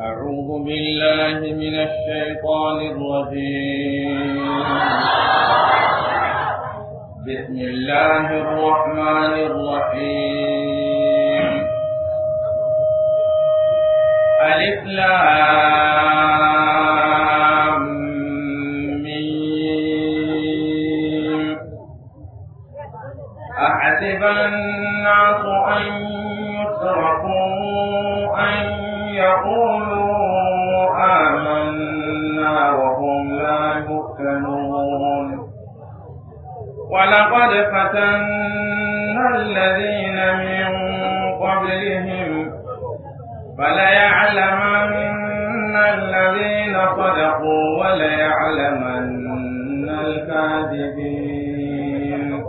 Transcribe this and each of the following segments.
أعوذ بالله من الشيطان الرجيم بسم الله الرحمن الرحيم ألف أحسب الناس أن يتركوا أن يقولوا آمنا وهم لا يؤمنون ولقد فتنا الذين من قبلهم فليعلمن الذين صدقوا وليعلمن الكاذبين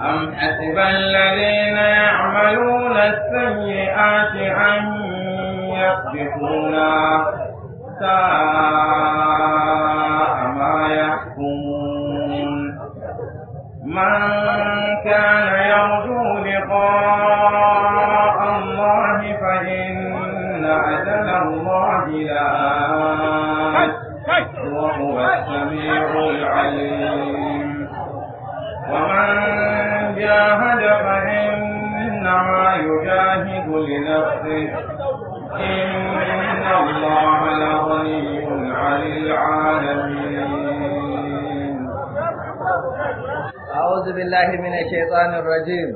أم حسب الذين يعملون السيئات أن يصبحون ساء ما يحكمون من كان يرجو لقاء الله فإن أجل الله لآت وهو السميع العليم ومن جاهد فإنما يجاهد لنفسه إن الله لغني عن العالمين أعوذ بالله من الشيطان الرجيم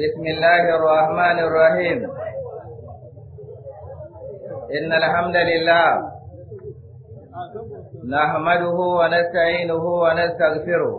بسم الله الرحمن الرحيم إن الحمد لله نحمده ونستعينه ونستغفره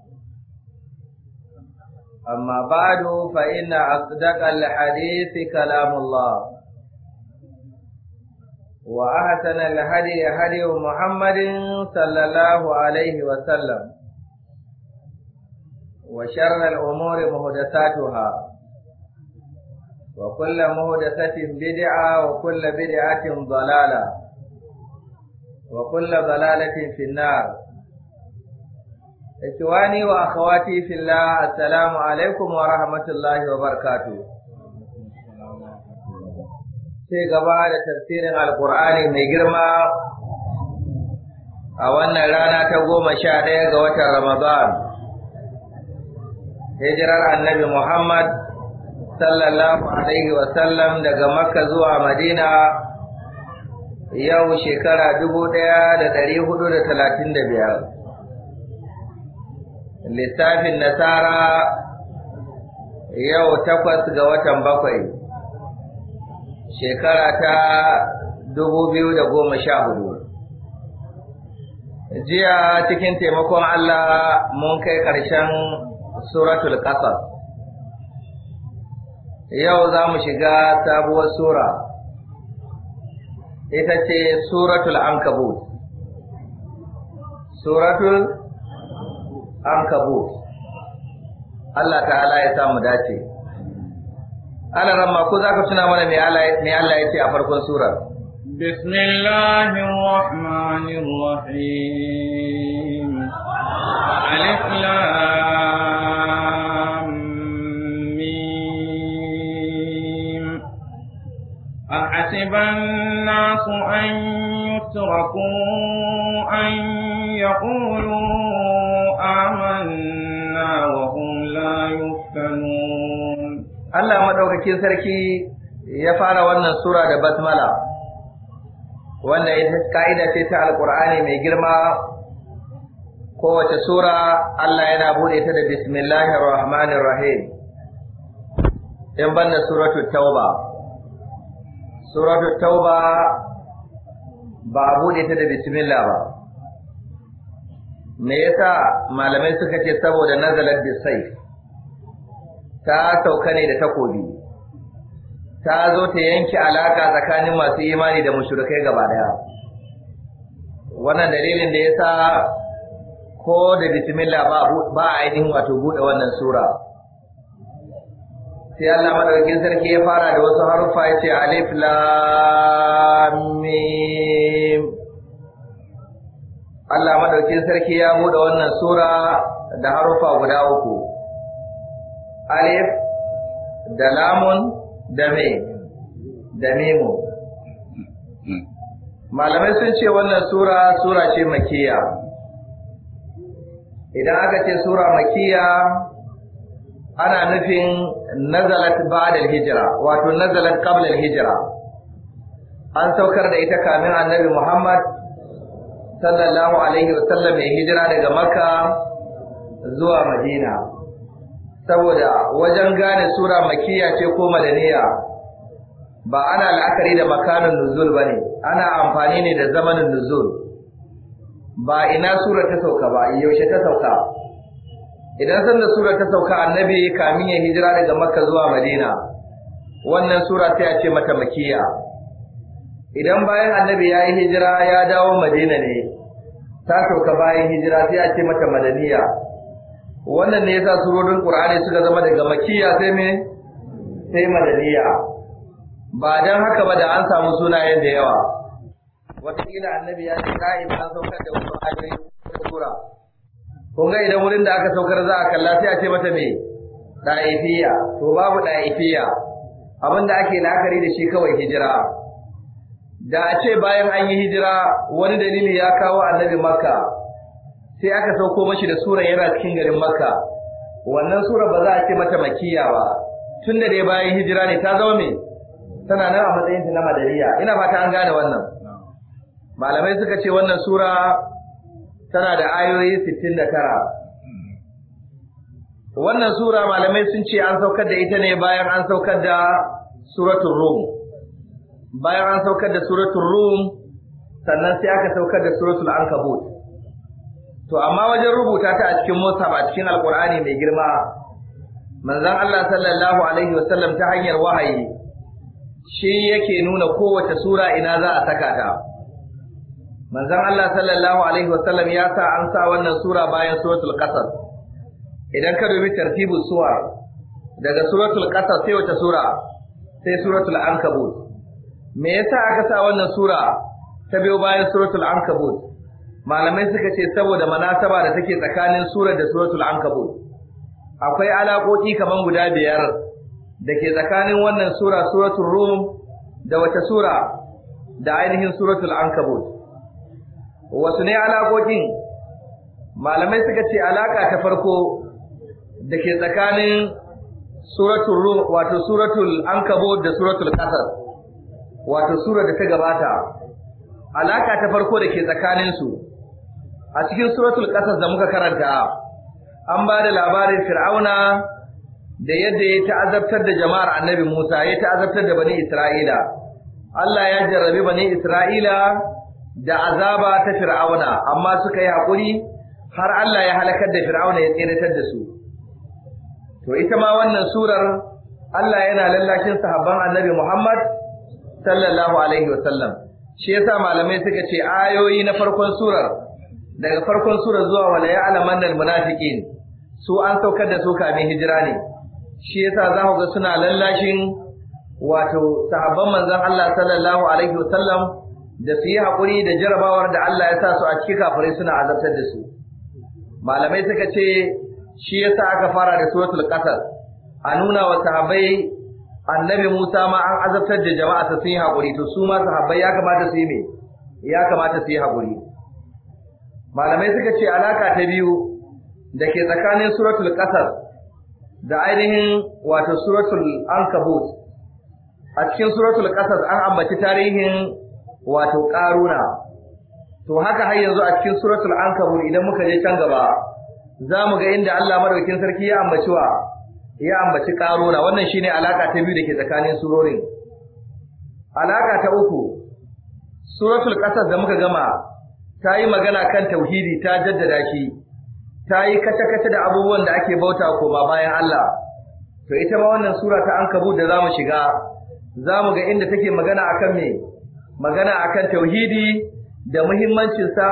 أما بعد فإن أصدق الحديث كلام الله وأحسن الهدي هدي محمد صلى الله عليه وسلم وشر الأمور مهدساتها وكل مهدسة بدعة وكل بدعة ضلالة وكل ضلالة في النار Ikhwani wa akhawati fillah assalamu alaikum wa rahmatullahi wa Sai gaba da tafsirin Alƙur'ani mai girma a wannan rana ta goma sha ɗaya ga watan Ramadan. Hijirar Annabi Muhammad sallallahu alaihi wa sallam daga Makka zuwa Madina yau shekara dubu ɗaya da ɗari hudu da talatin da biyar. lissafin nasara yau takwas ga watan bakwai shekara ta dubu biyu da goma sha hudu jiya cikin taimakon Allah mun kai ƙarshen suratul ƙasar yau za mu shiga sabuwar sura ita ce suratul ankabut suratul ankabut Allah ta'ala ya samu dace ana ramma ko zaka tuna mana me Allah me Allah yace a farkon sura bismillahir rahmanir rahim alif lam mim ahasiban nasu an yutrakuu an yaquluu Amanna wa لا يفتنون الله ما دوكاكين سركي ya fara wannan sura da basmala wanda ita ka'ida ce ta alqur'ani mai girma kowace sura Allah yana bude ta da bismillahir rahmanir rahim in banda suratul tauba suratul tauba ba bude ta da bismillah ba me yasa malamai suka ce saboda nazalar bisai ta sauka ne da takobi ta zo ta yanke alaka tsakanin masu imani da mushrikai gaba daya wannan dalilin da yasa ko da bismillah ba ba ainihin wato bude wannan sura sai Allah madaukakin sarki ya fara da wasu haruffa yace alif lam mim Allah madaukin sarki ya bude wannan sura da harufa guda uku alif da lamun da me da mimu malamai sun ce wannan sura sura ce makiya idan aka ce sura makiya ana nufin nazalat ba'da hijra wato nazalat qabla al-hijra. an saukar da ita kamin annabi Muhammad sallallahu alaihi wasallam ya hijira daga Makka zuwa Madina saboda wajen gane sura makiyya ce ko madaniya ba ana la'akari da makanin nuzul bane ana amfani ne da zamanin nuzul ba ina sura ta sauka ba yaushe ta sauka idan sanda sura ta sauka annabi kamin ya hijira daga Makka zuwa Madina wannan sura ta ce mata makiyya idan bayan annabi ya yi hijira ya dawo madina ne ta sauka bayan hijira sai a ce mata madaniya wannan ne yasa surorin qur'ani suka zama daga makiya sai me sai madaniya ba dan haka ba da an samu sunayen da yawa wataƙila annabi ya ce ta'im an saukar da wasu ayoyi da sura kun ga idan wurin da aka saukar za a kalla sai a ce mata me da'ifiya to babu da'ifiya abinda ake la'akari da shi kawai hijira da a ce bayan an yi hijira wani dalili ya kawo annabi makka sai aka sauko mashi da sura yana cikin garin makka wannan sura ba za a ce mata makiya ba tun da dai bayan hijira ne ta zama me tana nan a matsayin ta na madariya ina fata an gane wannan malamai suka ce wannan sura tana da ayoyi sittin da tara, wannan sura malamai sun ce an saukar da ita ne bayan an saukar da suratul rum bayan an saukar da suratul rum sannan sai aka saukar da suratul ankabut to amma wajen rubuta ta a cikin Musa ba cikin alqur'ani mai girma manzon Allah sallallahu alaihi wasallam ta hanyar wahayi shi yake nuna kowace sura ina za a saka ta manzon Allah sallallahu alaihi wasallam ya sa an sa wannan sura bayan suratul qasas idan ka dubi tartibus suwar daga suratul qasas sai wata sura sai suratul ankabut me yasa aka sa wannan sura ta biyo bayan suratul ankabut malamai suka ce saboda manasaba da take tsakanin surar da suratul ankabut akwai alaƙoƙi kaman guda biyar da ke tsakanin wannan sura suratul rum da wata sura da ainihin suratul ankabut wasu ne alaƙoƙin malamai suka ce alaƙa ta farko da ke tsakanin suratul rum wato suratul ankabut da suratul qasas wato sura da ta gabata alaka ta farko da ke tsakanin su a cikin suratul qasas da muka karanta an ba da labarin fir'auna da yadda ya ta'azabtar da jama'ar annabi Musa ya ta'azabtar da bani Isra'ila Allah ya jarrabi bani Isra'ila da azaba ta fir'auna amma suka yi hakuri har Allah ya halakar da fir'auna ya tsiratar da su to ita ma wannan surar Allah yana lallakin sahabban annabi Muhammad sallallahu alaihi wa sallam shi yasa malamai suka ce ayoyi na farkon surar daga farkon surar zuwa wala ya'lamanna almunafiqin su an saukar da su kamin hijira ne shi yasa za ku ga suna lallashin wato sahabban manzon Allah sallallahu alaihi wa sallam da su yi haƙuri da jarabawar da Allah ya sa su a cikin kafirai suna azabtar da su malamai suka ce shi yasa aka fara da suratul qasas a nuna wa sahabbai annabi Musa ma an azabtar da jama'a ta sun yi haƙuri to su ma sahabbai ya kamata su yi me ya kamata su yi haƙuri malamai suka ce alaka ta biyu da ke tsakanin suratul qasas da ainihin wato suratul ankabut a cikin suratul qasas an ambaci tarihin wato karuna to haka har yanzu a cikin suratul ankabut idan muka je can gaba za mu ga inda Allah madaukin sarki ya ambaci wa ya ambaci ƙarona, wannan shine alaka ta biyu dake tsakanin surorin alaka ta uku suratul qasas da muka gama ta yi magana kan tauhidi ta jaddada shi ta yi kata kata da abubuwan da ake bauta koma bayan Allah to ita ma wannan sura ta kabu da zamu shiga zamu ga inda take magana akan me magana akan tauhidi da muhimmancin sa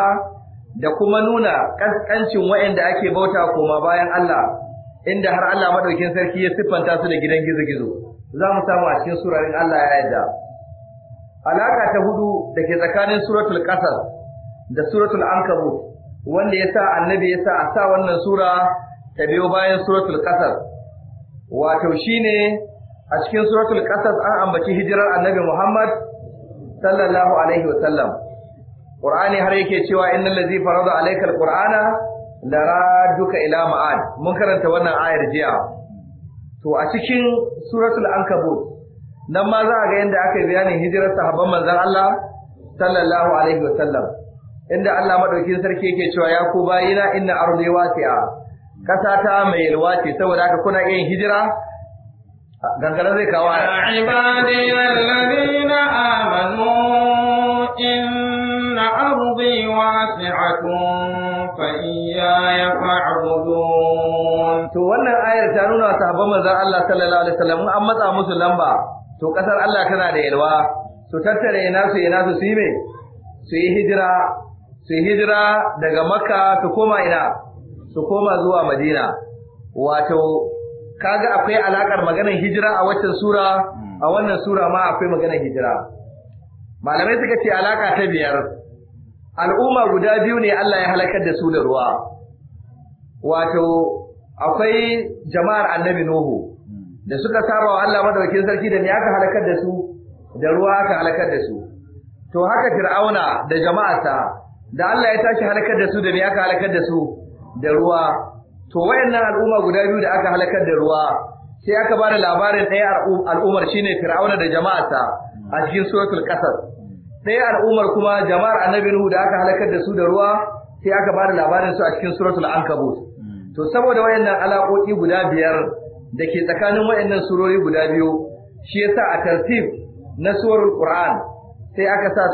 da kuma nuna kaskancin waɗanda ake bauta koma bayan Allah inda har Allah madaukin sarki ya siffanta su da gidan gizo-gizo za mu samu a cikin surarin Allah ya yadda. alaka ta hudu da ke tsakanin suratul ƙasar da suratul ankabut wanda ya sa annabi ya sa a sa wannan sura ta biyo bayan suratul ƙasar wato shi ne a cikin suratul ƙasar an ambaci hijirar annabi Muhammad sallallahu alaihi wasallam Qur'ani har yake cewa innal ladzi farada alaykal qur'ana laraduka ila ma'ad mun karanta wannan ayar jiya to a cikin suratul ankabut nan ma za a ga yadda aka yi bayanin hijirar sahabban manzon Allah sallallahu alaihi wa sallam inda Allah madaukin sarki yake cewa ya ku bayina inna ardi wasi'a kasa ta mai yalwa saboda haka kuna yin hijira gangara zai kawo ya ibadiyal ladina amanu in أرضي واسعة فإياي فاعبدون تو wannan ayar ta nuna sahabban manzon Allah sallallahu alaihi wasallam an matsa musu lamba to kasar Allah tana da yalwa su tattare ina su ina su yi me su yi hijira su yi hijira daga Makka su koma ina su koma zuwa Madina wato kaga akwai alakar maganar hijira a waccan sura a wannan sura ma akwai maganar hijira malamai suka ce alaka ta biyar al'umma guda biyu ne Allah ya halakar da su da ruwa wato akwai jama'ar annabi Nuhu da suka saba wa Allah madaukakin sarki da me aka halakar da su da ruwa aka halakar da su to haka fir'auna da jama'arsa da Allah ya tashi halakar da su da me aka halakar da su da ruwa to wayannan al'umma guda biyu da aka halakar da ruwa sai aka bada labarin ɗaya al'ummar shine fir'auna da jama'arsa a cikin suratul qasas ɗaya al'ummar kuma jama'ar annabi Nuhu da aka halakar da su da ruwa sai aka bada labarin su a cikin suratul ankabut hmm. to saboda wayannan alaƙoƙi guda biyar da ke tsakanin wayannan surori guda biyu shi yasa a tartib na surul Qur'an sai aka sa